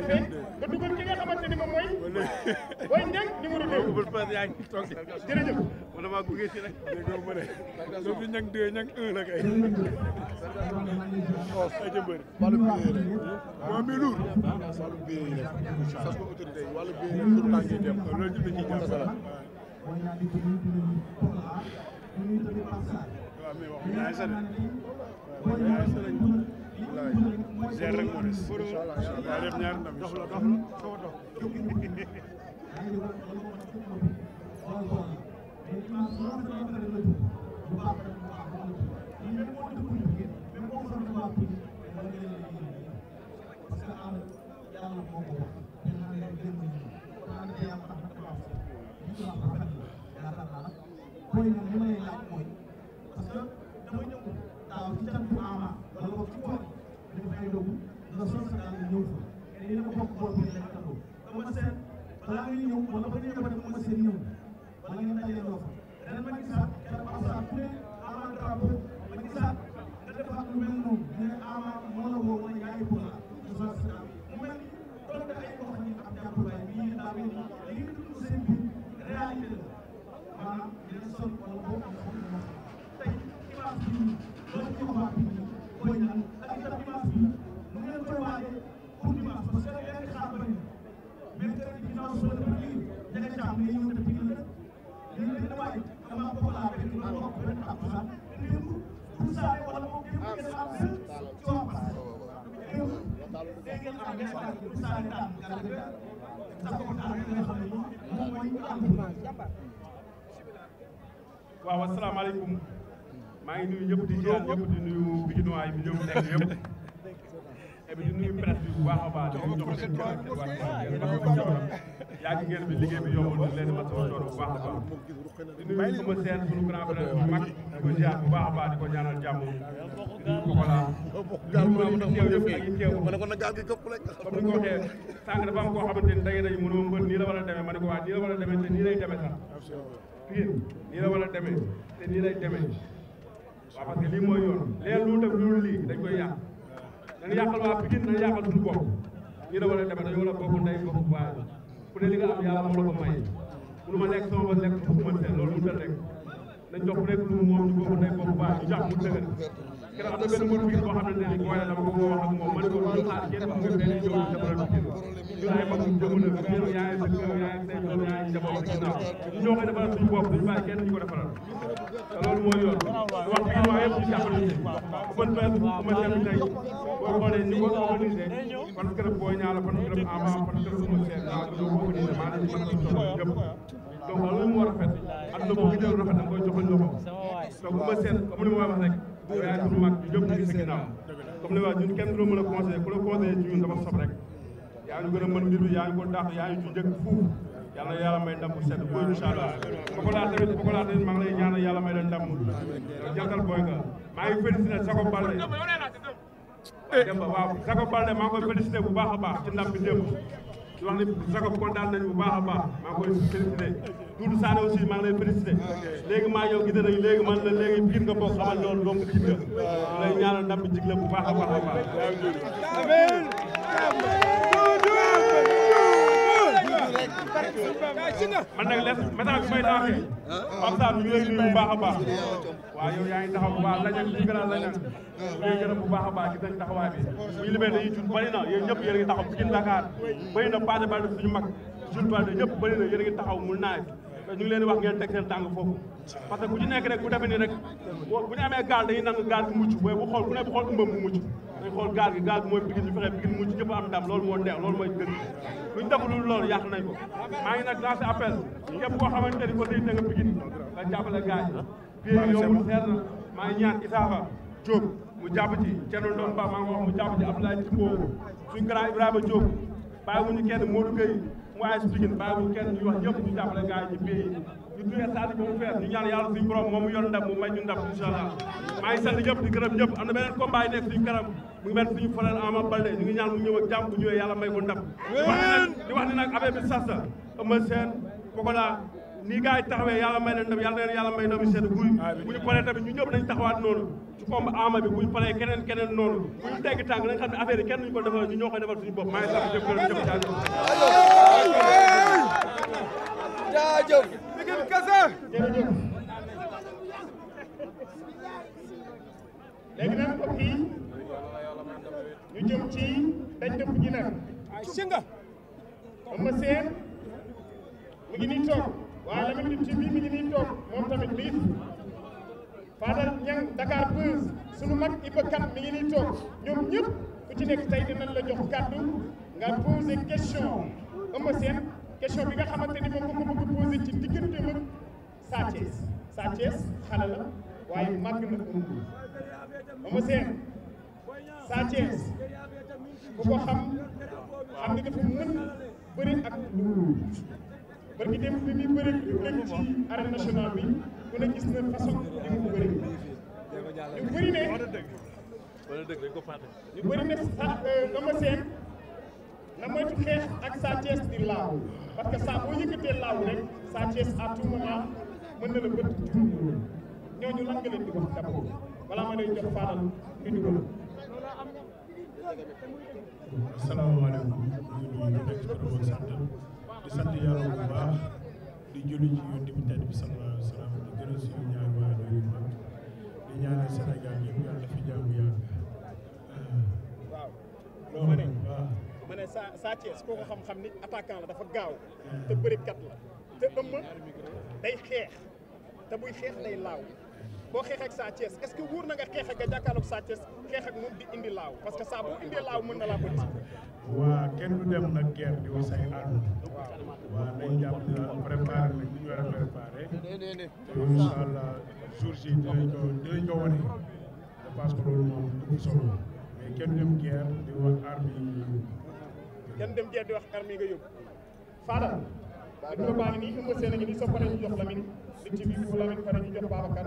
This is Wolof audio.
ba dugal ki nga a ni moom mooy. booy njëkk numéro 2. bul paas yaa ngi toog jërëjëf. man damaa gunge si rek. déggoo ma ne. soo fi ñag 2 ñag 1 la kay. waaw oh, sa jëmbër. wàllu biir yi moom mi luur. wàllu biir yi la. dem. loolu ñu dañuy jàpp la. waaw mais wax yaa ngi sa ziar rek moo des. yaa def ñaari ndam dox la dox la foo dox. Thank you. nga sol sa daal ñëw fa li la ko bokk boo bi la taxaw dama seen balaa nga ñëw wala ba ñu ñëw ba dem ma seen ñëw wala ngeen daje loo fa dana ma gis sax waaw asalaamaaleykum maa ngi nuyu ñëpp di ziar ñëpp di nuyu Pikinois yi ñëw nekk yëpp et puis di nuyu presse bi bu baax a di nuyu jox yaa ngi ngeen bi liggéey bi yombul di leen masawu doon bu baax a baax di nuyu sama mag di bu baax a baax di ko ñaanal jàmm di nuyu Pokola di nuyu ñëpp ak ñi teew comme ni nga ko ni da ngeen a mënoo mbër nii la a demee ma ne ko waa nii la war a te nii lay demee sax fii nii a te nii lay yoon leen lu tëb lu lii dañ koy yàq dana yàqal waa Pikine dana yàqal suñu bopp ñu ne war a demee dañoo war a bokk ndey bokk baay ku ne li nga am yàlla moo la ko may mënu ma lekk sama bopp lekk fu mu mën loolu mënut a nekk nañ jox ku nekk lu mu moom ñu bokk ndey bokk baay ñu jàpp mu dëgër keroog am na benn mbir boo xam ne nii booy la dama ko woo wax ak moom man ko ñu xaar kenn mu ngi benn ñëw ñu defaral Pikine ñu ay mag ñu jëmu nag yow yaay sa yow yaay say doom yaay njaboot ak ginnaaw ñu ñoo koy defaral suñu bopp duñu bàyyi kenn ñu ko defaral te loolu mooy yoon wax Pikine waa yëpp ñu jàppale ñu bu mën fay bu mën dem tey boo xoolee ni ko organisé fan kër boo ñaala fan kër avant fan kër mu seet naa ko doo organisé maa ngi fan na a rafet ni sa ginnaaw comme ni ma wax ñun kenn du a conseillé ku la conseillé ci ñun dafa sob rek yaa ngi gën a mën mbir bi yaa ngi ko dàq yaa ngi ci njëkk fuuf yàlla yàlla may ndam bu set booy incha allah Pokola tamit Pokola tamit maa ngi lay ñaanal yàlla booy nga maa ngi félicité Sakho Balde Demba waaw Jacob Baldé maa ngi koy félicité bu baax a baax ci ndam bi démb di wax ni Jacob kontaan nañu bu baax a baax maa ngi koy félicité Doudou Sané aussi maa ngi lay félicité léegi maa yow gise nañu léegi man la léegi biir nga bokk xamal loolu donc jig la lay ñaanal ndam bu baax a baax a baax man nag les maintenant bi may laajee. Pape Sarr ñu ngi lay nuyu bu baax a baax. waaw yow yaa ngi taxaw bu baax lañ ak li gënal lañ ak. ñu ngi gërëm bu baax a baax gis nañ taxawaay bi bu ñu limee dañuy jur bari na yéen ñëpp yéen a ngi taxaw fii ci Dakar bari na Pathé Baldé suñu mag jur Baldé ñëpp bari na yéen a ngi taxaw mu naaj. ñu ngi leen di wax ngeen teg seen tàng foofu parce que ku ci nekk rek bu defee nii rek bu ñu amee gaal dañuy nangu gaal bu mucc booy bu xool ku ne bu xool ëmbam bu mucc di xool gaal gi gaal gi mooy Pikine ñu fexe mu ci am ndam loolu moo neex loolu mooy dëgg luñ def lu loolu yàq nañ ko maa ngi nag lancé appel képp koo xamante ni ko tey da nga Pikine nga jàppale gaay fii yombul seer na maa ngi ñaan Isaafa Diop mu jàpp ci Thierno Ndom Ba maa ngi wax mu jàpp ci Abdoulaye Tipo suñ grand Ibrahima Diop bàyyiwuñu kenn Modou Gueye mu aay si Pikine bàyyiwuñu kenn ñu wax ñëpp ñu jàppale gaay ci fii ñu tuye saati ba mu fees ñu ñaan yàlla suñu borom moom mu yor ndam mu may ñu ndam incha allah maa ngi sant ñëpp di gërëm ñëpp am na beneen combat mu ngi mel suñu frère Ama Baldé ñu ngi ñaan mu ñëw ak jàmm bu ñëwee yàlla may ko ndam di wax ni nag affaire bi sas la Eumeu Sène Pokola nii gars yi taxawee yàlla may leen ndam yàlla leen yàlla may ndam seen guy bu ñu paree tamit ñu ñëpp nañ taxawaat noonu ci combat Ama bi bu ñu paree keneen keneen noonu bu ñu tegg tànk nañ xam ne affaire ñu ko defal ñu ñoo koy defal suñu bopp maa ngi sant jëf jaajëf ñu jëm ci dañ dëpp ji nag ay singa Eumeu Sène mi ngi nii toog waaye Lamine Gueye ci bii mi ngi nii toog moom tamit liif Fadal Niang Dakar Buzz sunu mag Iba Kane mi ngi nii toog ñoom ñëpp ku ci nekk tey dinañ la jox kàddu nga posé question Eumeu question bi nga xamante ni moom nga ko bëgg posé ci diggante mag Sa Thiès Sa waaye màgg na ko Eumeu Sène Sa Thiès ku ko xam xam ne dafa mën bëri ak lu bërki dem bi muy bëri lu nekk ci arène nationale bi a ne gis na façon li mu bëri ñu bëri ne ñu bëri ne euh, Eumeu Sène na moytu xeex ak Sa Thiès di laaw parce que boo yëkkatee laaw rek Sa Thiès à tout moment mën na la bët jumloo ñooñu lan nga leen di wax d'abord balaa ma lay jox faaral fi dugal asalaamaaleykum ñu ngi di sant di sant di julli ci bi tedd bi sallallahu alayhi wa sallam di gërëm suñu ñaari waajur yu di ñaanal Sénégal yëpp yàlla fi yàgg. waaw ma ne ma ne Sa Sa Thiès koo ko xam-xam ni attaquant la dafa gaaw te kat la te ëmm day xeex te buy xeex lay laaw. boo xeex ak Sa Thiès est-ce que wóor na nga xeex ak nga jàkkaarloog Sa Thiès xeex ak moom di indi laaw parce que saa boo indee laaw mën na laa ko di waa kenn du dem nag guerre di wax say arme waaw nañ jàpp a préparé du solo baax nii a nii soo paree ñu jox Lamine li ci biir Lamine pare ñu jox Babacar